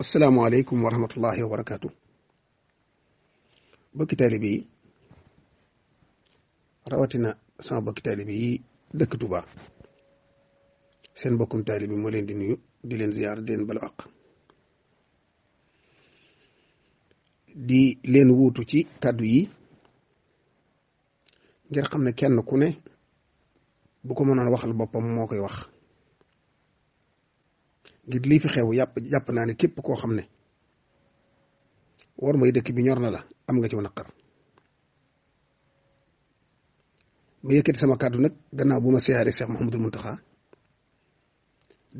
asalaamaaleykum wa rahmatullahi wa barakaatu bokki taalibe yi rawatina sama bokki taalibe yi dëkk Touba seen bokkum taalibe moo leen di nuyu di leen ziyaar di leen balu di leen wuutu ci kàddu yi ngir xam ne kenn ku ne bu ko mënoon waxal boppam moo koy wax ngir lii fi xew yàpp yàpp naa ne képp koo xam ne war mooy dëkk bi ñor na la am nga ci naqar ma yëkkati sama kàddu nag gannaaw bu ma seexaaree Cheikh Mouhamadul Mountakha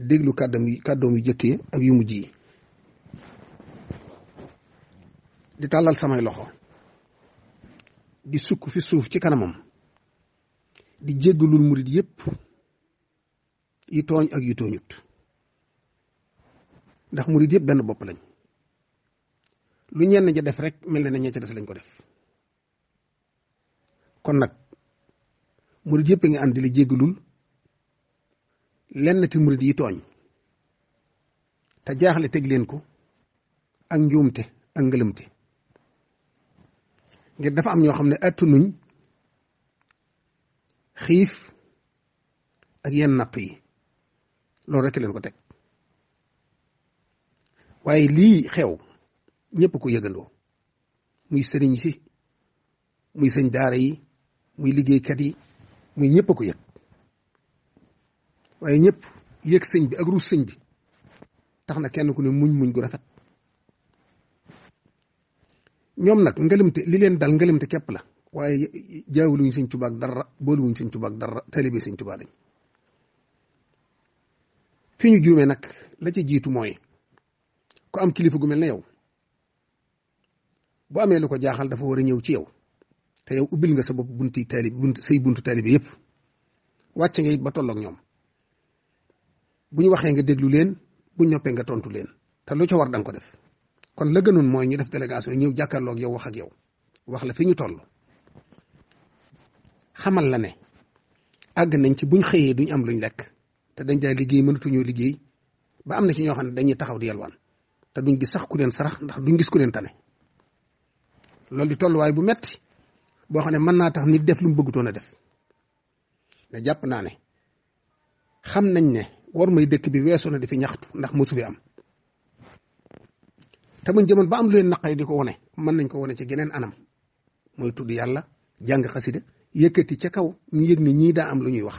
déglu kàddam yi kàddoom yu ak yu mujj yi di tàllal samay loxo di sukk fi suuf ci kanamam di jéggalul murit yépp yi tooñ ak yu tooñut ndax murid yëpp benn bopp lañ lu ñenn ñi def rek mel na ne ña ca des lañ ko def kon nag murid yëpp nga ànd di la jéggalul lenn ti murid yi tooñ te jaaxle teg leen ko ak njuumte ak ngëlëmte ngir dafa am ñoo xam ne attanuñ xiif ak yenn natt yi loolu rek leen ko teg waaye lii xew ñëpp ko yëgandoo muy sëriñ si muy sëñ daara yi muy liggéeykat yi muy ñëpp a ko yëg waaye ñëpp yëg sëñ bi ak ruus sëñ bi tax na kenn ku ne muñ muñ gu rafet ñoom nag ngelimte li leen dal ngelimte képp la waaye jaawuluñ sëñ Tuubaa ak dara booluwuñ sëñ Tuubaa ak dara taalibe sëñ Tuubaa fi ñu juumee nag la ca jiitu mooy ko am kilifa gu mel ne yow bu amee lu ko jaaxal dafa war a ñëw ci yow te yow ubbil nga sa bopp bunti taalib bunt say buntu taalib yëpp wàcce nga it ba tolloog ñoom bu ñu waxee nga déglu leen bu ñoppee nga tontu leen te lu ca war da nga ko def kon la gënoon mooy ñu def délégation ñëw jàkkaarloog yow wax ak yow wax la fi ñu toll xamal la ne àgg nañ ci buñ xëyee duñ am luñ lekk te dañ daa liggéey mënatuñoo liggéey ba am na ci ñoo xam ne dañuy taxaw di yalwaan te duñ gis sax ku leen sarax ndax duñ gis ku leen tane loolu di tolluwaay bu metti boo xam ne mën naa tax nit def lu mu a def ne jàpp naa ne xam nañ ne war may dëkk bi weesoo na di fi ñaxtu ndax mësu fi am te buñ jëmoon ba am lu leen naqay di ko wone mën nañ ko wone ci geneen anam mooy tudd yàlla jàng xasida yëkkati ca kaw ñu yëg ni ñii daa am lu ñuy wax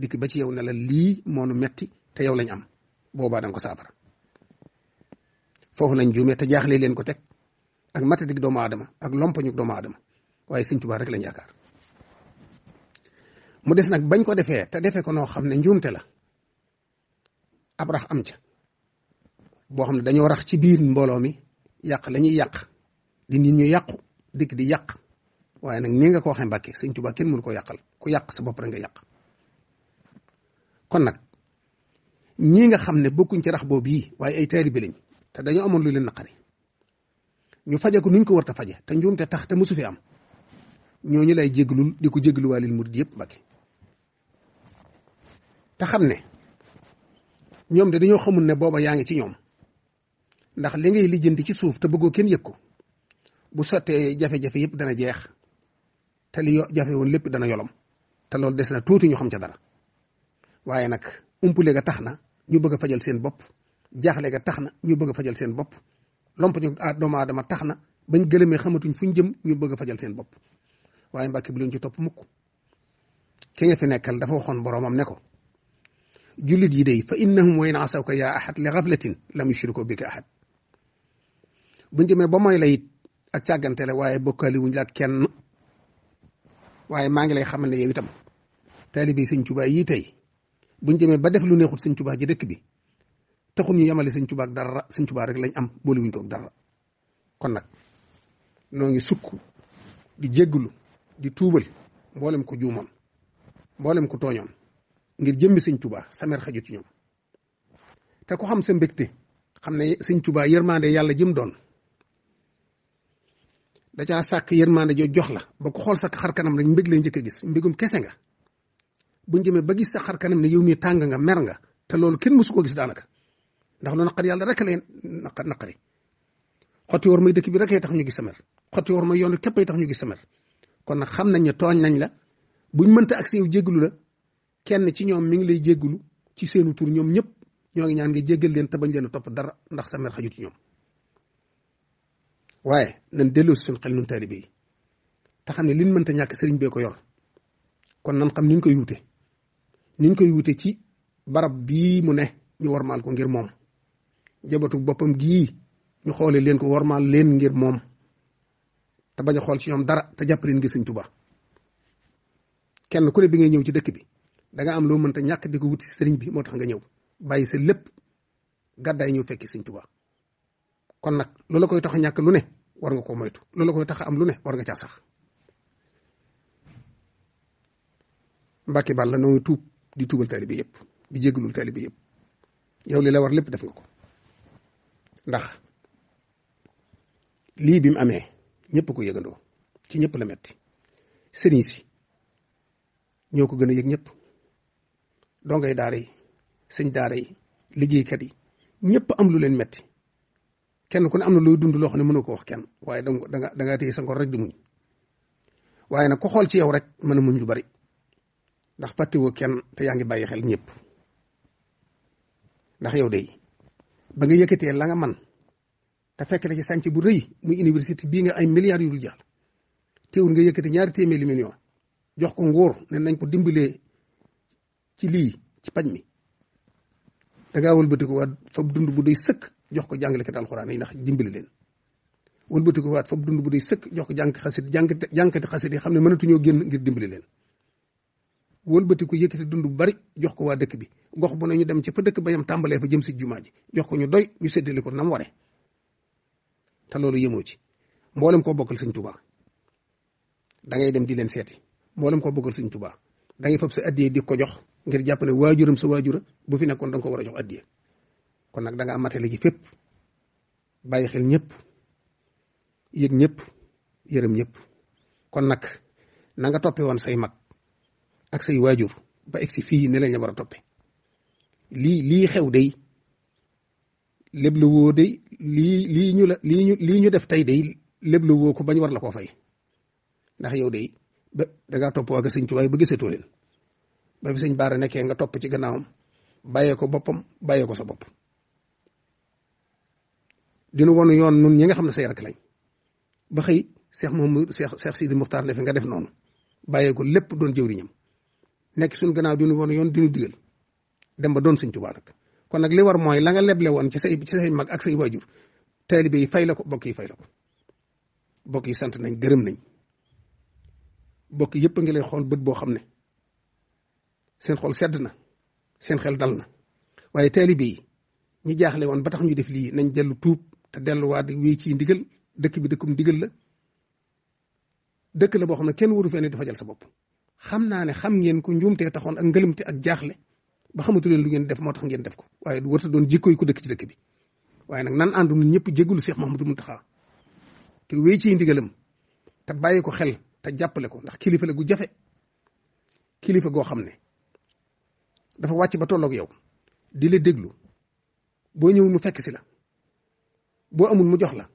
dikk ba ci yow ne la lii moonu metti te yow lañ am boobaa danga ko saafara foofu lañ juumee te jaaxle leen ko teg ak matadik doomu aadama ak lompañu doomu aadama waaye Sëñ Tuubaa rek lañ yaakaar mu des nag bañ ko defee te defee ko noo xam ne njuumte la ab rax am ca boo xam ne dañoo rax ci biir mbooloo mi yàq la yàq di nit ñu yàqu dikk di yàq waaye nag nii nga ko waxee Mbàkke Sëñ Tuubaa kenn ko yàqal ku yàq sa bopp rek nga yàq kon nag ñii nga xam ne bokkuñ ci rax boobu yi waaye ay taalibe lañ te dañoo amoon lu leen naqari ñu faje ko nuñ ko war a faje te njuumte tax te mosu fi am ñoo ñu lay jéglul di ko jéglu waalil murid yëpp mbagge te xam ne ñoom de dañoo xamul ne booba yaa ngi ci ñoom ndax li ngay lijjanti ci suuf te bëggoo kenn yëg ko bu sottee jafe-jafe yëpp dana jeex te li jafe woon lépp dana yolom te loolu des na tuuti ñu xam ca dara waaye nag umpule ga tax na ñu bëgg a fajal seen bopp jaaxle ga tax na ñu bëgg a fajal seen bopp lomp ñu ah doomu aadama tax na bañ gëlëmee xamatuñ fuñ jëm ñu bëgg a fajal seen bopp waaye mbàkk bi luñ ci topp mukk ki fi nekkal dafa waxoon boromam ne ko jullit yi day fa innahum na in ko yaa ahad li ghaflatin lam yushriku bika ahad buñ demee ba mooy la it ak càggante la waaye bokkaali wuñ la kenn waaye maa ngi lay xamal ne yow itam taalibe sëñ Tuubaa yi tey buñ demee ba def lu neexut sëñ Tuubaa ji dëkk bi taxul ñu yemale sëñ Tuubaa ak dara sëñ Tuubaa rek lañ am boolu ko ak dara kon nag noo ngi sukk di jégglu di tuubal mboolem ko juumoon mboolem ko tooñoon ngir jëmmi sëñ Tuubaa samer xaju ci ñoom te ku xam sa mbégte xam ne sëñ Tuubaa yërmande yàlla jëm doon da caa sàkk yërmande joo jox la ba ko xool sa xarkanam kanam rek mbég lay njëkk a gis mbégum kese nga buñ jëmee ba gis sa xar kanam ne yow mi tàng nga mer nga te loolu kenn mësu koo gis daanaka ndax lu naqar yàlla rek leen naqar naqari xotti war may dëkk bi rek tax ñu gis sa xotti war may yoon képpay tax ñu gis sa kon nag xam nañ ne tooñ nañ la buñ mënta ak si yow jégalu kenn ci ñoom mi ngi lay jégalu ci seenu tur ñoom ñëpp ñoo ngi ñaan jégal leen te bañ leen a topp dara ndax sa mer ci ñoom waaye nañ delloo si suñu xel nun taalibe yi te xam ne ñàkk sëriñ bee ko yor kon nan xam niñ koy wute niñ koy wute ci barab bii mu ne ñu war maal ko ngir moom njabootu boppam gii ñu xoolee leen ko war warmaal leen ngir moom te bañ a xool ci ñoom dara te jàpp leen ngir Sëñ kenn ku ne bi ngay ñëw ci dëkk bi dangay nga am loo mënta ñàkk di ko wut si sëriñ bi moo tax nga ñëw bàyyi sa lépp gàddaay ñëw fekki Sëñ Tuubaa kon nag loola koy tax a ñàkk lu ne war nga koo moytu loola koy tax a am lu ne war nga caa sax Mbàkke Bàlla noo ngi tuub di tuubal taalibe yëpp di jéggalul taalibe yëpp yow li la war lépp def nga ko ndax lii bi amee ñépp ko yëgandoo ci ñëpp la metti sëriñ si ñoo ko gën a yëg ñëpp dongay daara yi sëñ daara yi liggéeykat yi ñëpp am lu leen metti kenn ku ne am na looy dund loo xam ne mënu ko wax kenn waaye da nga da nga sa ngor rek di muñ waaye nag ko xool ci yow rek mën a muñ lu bari ndax fàttewoo kenn te yaa ngi bàyyi xel ñépp ndax yow de ba nga yëkkatee la nga man te fekk la ci sànc bu rëy mu université bii nga ay milliards yu dul jàll teewul nga yëkkati ñaari téeméeri million jox ko nguur ne nañ ko dimbalee ci lii ci paj mi da ngaa wëlbatiku waat fab dund bu doy sëkk jox ko jàngalekat alxuraan yi ndax dimbali leen wëlbatiku waat fab dund bu doy sëkk jox ko jànk xasit jànk jànkati xasit yi xam ne mënatuñoo génn ngir dimbali leen wëlbati ko yëkkati dund bu bari jox ko waa dëkk bi gox bu ne ñu dem ci fa dëkk ba yam tàmbalee fa jëm si jumaa ji jox ko ñu doy ñu séddale ko nam ware te loolu ci mboolem koo bokkal sëñ tubaa dem di leen seeti mboolem koo bokkal sëñ tubaa da ngay fab di ko jox ngir jàpp ne waajuram sa waajura bu fi nekkoon da ko war a jox kon nag da nga matale ji fépp bàyyi xel ñëpp yëg ñëpp yërëm ñëpp kon nag nanga nga toppe woon say mag ak say waajur ba egsi fii ne la ñu war a toppee lii lii xew day lépp la woo day lii lii ñu la lii ñu ñu def tey day lépp la woo ko bañ war la koo fay ndax yow day ba da ngaa topp waa ga sëñ Tuubaa ba gisatoo leen ba fi sëñ Baara nekkee nga topp ci gannaawam bàyyee ko boppam bàyyee ko sa bopp. dinu wonu yoon nun ñi nga xam ne say rakk lañ ba xëy Cheikh Mouhamadou Cheikh Cheikh Sidi Moukhtar ne fi nga def noonu bàyyeeko lépp doon jëwriñam nekk suñ gannaaw duñu woon yoon duñu digal dem ba doon sëñ Tuubaa nag kon nag li war mooy la nga leble woon ci say ci say mag ak say waajur taalibe yi fay la ko bokk yi fay la ko bokk yi sant nañ gërëm nañ bokk yëpp a ngi lay xool bët boo xam ne seen xool sedd na seen xel dal na waaye taalibe yi ñi jaaxle woon ba tax ñu def lii nañ dellu tuub te delluwaat wéy ci ndigal dëkk bi dëkkum ndigal la dëkk la boo xam ne kenn waru fee ne dafa jël sa bopp xam naa ne xam ngeen ku njuumtee taxoon ak ngëlëmte ak jaaxle ba xamatu leen lu ngeen def moo tax ngeen def ko waaye du warta doon jikko yi ko dëkk ci dëkk bi waaye nag nan àndu ñun ñëpp jéggulu Cheikh Mouhamadou Mountakha te wéy ci ndigalam te bàyyi ko xel te jàppale ko ndax kilifa la gu jafe kilifa goo xam ne dafa wàcc ba tolloog yow di le déglu boo ñëwul mu fekk si la boo amul mu jox la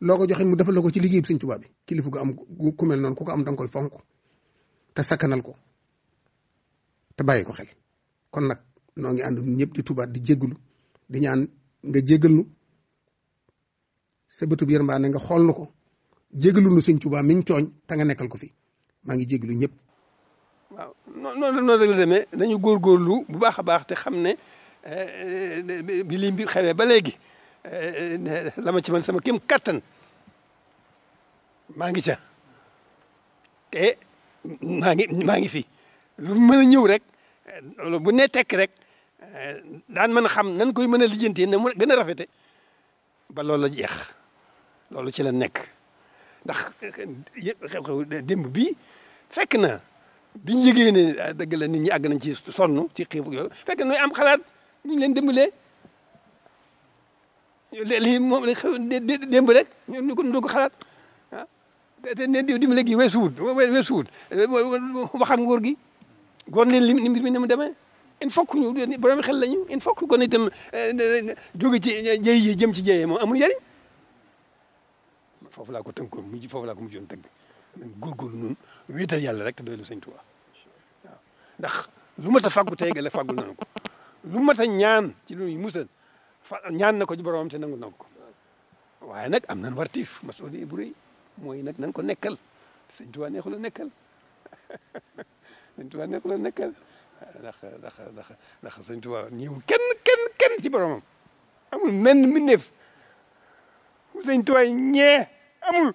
loo joxe mu defal la ko ci liggéey bi Sëñ Tuubaa bi kilifa gu am ku mel noonu ku ko am danga koy fonk te sakkanal ko te bàyyi ko xel kon nag noo ngi ànd ñëpp di tubaat di jéggalu di ñaan nga jéggal nu sa bëtub yërmaande nga xool nu ko jéggalu nu sëñ Tuubaa mi ñu tooñ nga nekkal ko fi maa ngi jéggalu ñëpp. waaw noonu noonu rek la demee nañu góorgóorlu bu baax a baax te xam ne eh, bi xewee ba léegi eh, lama ma ci man sama kéem kattan maa ngi ca te. maa ngi maa ngi fi lu mën a ñëw rek bu nee tekk rek daan mën a xam nan koy mën a lijjantee na mu gën a rafete ba loolu jeex loolu ci la nekk ndax xew-xew démb bii fekk na biñ yëgee ne ah, dëgg la nit ñi àgg nañ ci sonn ci xiif yooyu fekk na ñooy am xalaat ñu leen dimbalee lii moom la xew démb rek ñu ko ñu ko xalaat te ne dimbali gi weesuwut weesuwut eh, waxal nguur gi goon leen li mbir mi ni mu demee il faut que ñu borom xel lañu il faut que kon itam eh, jóge ci jëy yi jëm ci jëyee moom amul njëriñ foofu laa ko tënkoon mujj foofu laa ko mujjoon tënk man góorgóorlu noonu wéetal yàlla rek te doylu Sëñ Tuubaa waaw ndax lu mat a fàggu tey la fàggul nañu ko lu mat a ñaan ci lu musal fa ñaan na ko ci boromam te nangul na ko waaye nag am nañ wartiif masuliya bu rëy mooy nag nan ko nekkal sëñ Tuubaa la nekkal sëñ Tuubaa neexu la nekkal ndax ndax ndax ndax sëñ Tuubaa ñëw kenn kenn kenn ci boromam amul menn mbindeef sëñ Tuubaa ñee amul